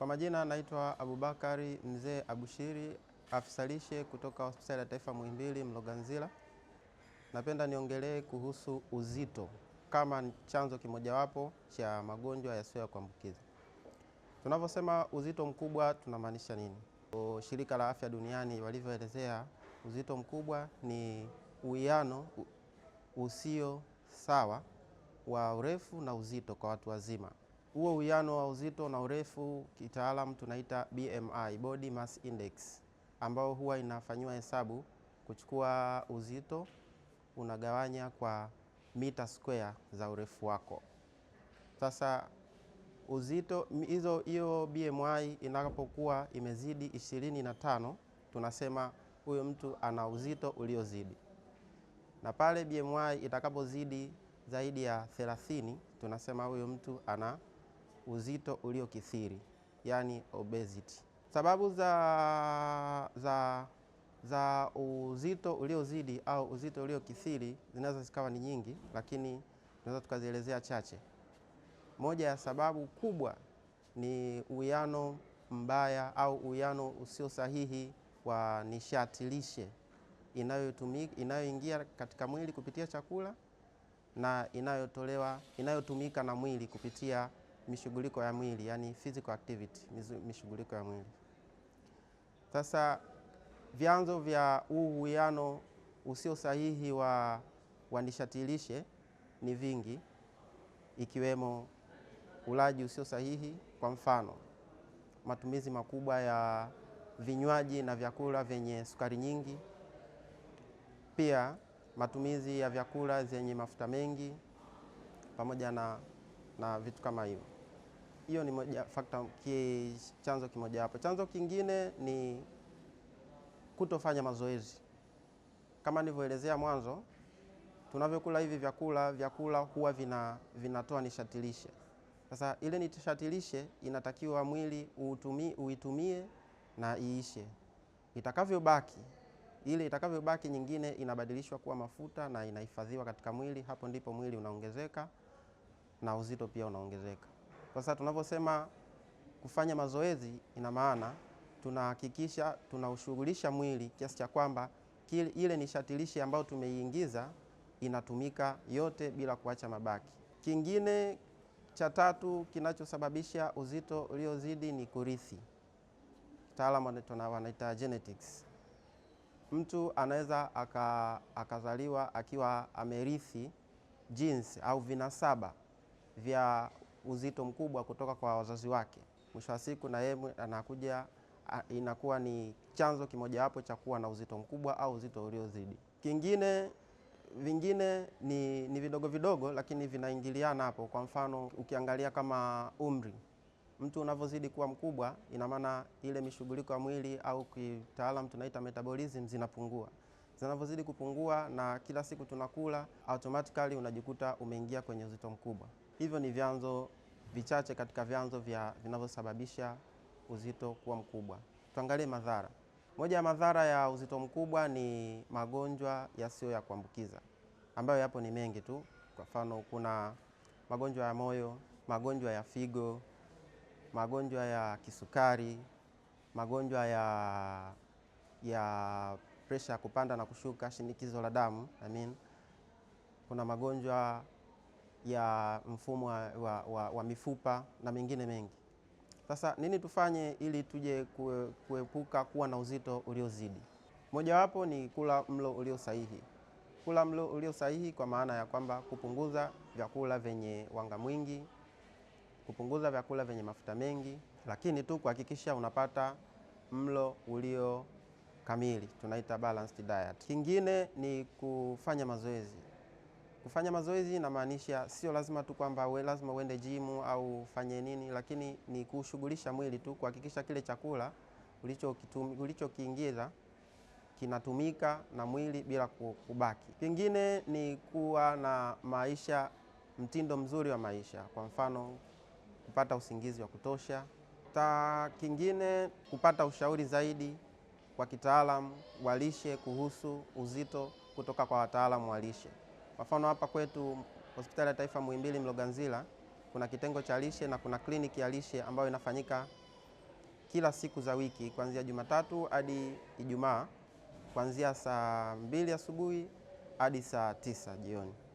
Kwa majina naitwa Abubakari Mzee Abushiri, afisa lishe kutoka Hospitali ya Taifa Muhimbili Mloganzila. Napenda niongelee kuhusu uzito kama chanzo kimojawapo cha magonjwa yasiyo ya kuambukiza. Tunavyosema uzito mkubwa tunamaanisha nini? Shirika la Afya Duniani walivyoelezea uzito mkubwa ni uwiano usio sawa wa urefu na uzito kwa watu wazima. Huo uwiano wa uzito na urefu kitaalamu tunaita BMI, body mass index, ambao huwa inafanyiwa hesabu kuchukua uzito unagawanya kwa mita square za urefu wako. Sasa uzito hizo hiyo BMI inapokuwa imezidi ishirini na tano tunasema huyo mtu ana uzito uliozidi, na pale BMI itakapozidi zaidi ya 30 tunasema huyo mtu ana uzito uliokithiri, yani obesity. Sababu za, za, za uzito uliozidi au uzito uliokithiri zinaweza zikawa ni nyingi, lakini tunaweza tukazielezea chache. Moja ya sababu kubwa ni uwiano mbaya au uwiano usio sahihi wa nishati lishe inayotumika inayoingia katika mwili kupitia chakula na inayotolewa inayotumika na mwili kupitia mishughuliko ya mwili, yani physical activity, mishughuliko ya mwili. Sasa vyanzo vya huu uwiano usio sahihi wa, wa nishati lishe ni vingi ikiwemo ulaji usio sahihi, kwa mfano matumizi makubwa ya vinywaji na vyakula vyenye sukari nyingi, pia matumizi ya vyakula zenye mafuta mengi pamoja na, na vitu kama hivyo hiyo ni moja factor ki, chanzo kimoja hapo. Chanzo kingine ni kutofanya mazoezi. Kama nilivyoelezea mwanzo, tunavyokula hivi vyakula, vyakula huwa vina, vinatoa nishati lishe. Sasa ile nishati lishe inatakiwa mwili uitumie, uitumie na iishe. Itakavyobaki ile itakavyobaki nyingine inabadilishwa kuwa mafuta na inahifadhiwa katika mwili. Hapo ndipo mwili unaongezeka na uzito pia unaongezeka. Sasa tunavyosema kufanya mazoezi, ina maana tunahakikisha tunaushughulisha mwili kiasi cha kwamba ile nishatilishe ambayo tumeiingiza inatumika yote bila kuacha mabaki. Kingine cha tatu kinachosababisha uzito uliozidi ni kurithi, kitaalamu wanaita genetics. Mtu anaweza akazaliwa akiwa amerithi jinsi au vinasaba vya uzito mkubwa kutoka kwa wazazi wake. Mwisho wa siku na yeye anakuja, inakuwa ni chanzo kimojawapo cha kuwa na uzito mkubwa au uzito uliozidi. Kingine vingine ni, ni vidogo vidogo, lakini vinaingiliana hapo. Kwa mfano ukiangalia kama umri, mtu unavyozidi kuwa mkubwa, ina maana ile mishughuliko ya mwili au kitaalamu tunaita metabolism zinapungua zinavyozidi kupungua na kila siku tunakula, automatically unajikuta umeingia kwenye uzito mkubwa. Hivyo ni vyanzo vichache katika vyanzo vya vinavyosababisha uzito kuwa mkubwa. Tuangalie madhara. Moja ya madhara ya uzito mkubwa ni magonjwa yasiyo ya kuambukiza ambayo yapo ni mengi tu. Kwa mfano, kuna magonjwa ya moyo, magonjwa ya figo, magonjwa ya kisukari, magonjwa ya ya pressure ya kupanda na kushuka, shinikizo la damu I mean. Kuna magonjwa ya mfumo wa, wa, wa, wa mifupa na mengine mengi. Sasa nini tufanye ili tuje kuepuka kuwa na uzito uliozidi? Mojawapo ni kula mlo ulio sahihi. Kula mlo ulio sahihi kwa maana ya kwamba kupunguza vyakula vyenye wanga mwingi, kupunguza vyakula vyenye mafuta mengi, lakini tu kuhakikisha unapata mlo ulio kamili, tunaita balanced diet. Kingine ni kufanya mazoezi. Kufanya mazoezi inamaanisha sio lazima tu kwamba we lazima uende jimu au ufanye nini, lakini ni kushughulisha mwili tu, kuhakikisha kile chakula ulichokiingiza kinatumika na mwili bila kubaki. Kingine ni kuwa na maisha, mtindo mzuri wa maisha, kwa mfano kupata usingizi wa kutosha. Ta kingine kupata ushauri zaidi kwa kitaalamu wa lishe kuhusu uzito kutoka kwa wataalamu wa lishe. Kwa mfano hapa kwetu hospitali ya taifa Muhimbili Mloganzila kuna kitengo cha lishe na kuna kliniki ya lishe ambayo inafanyika kila siku za wiki kuanzia Jumatatu hadi Ijumaa kuanzia saa mbili asubuhi hadi saa tisa jioni.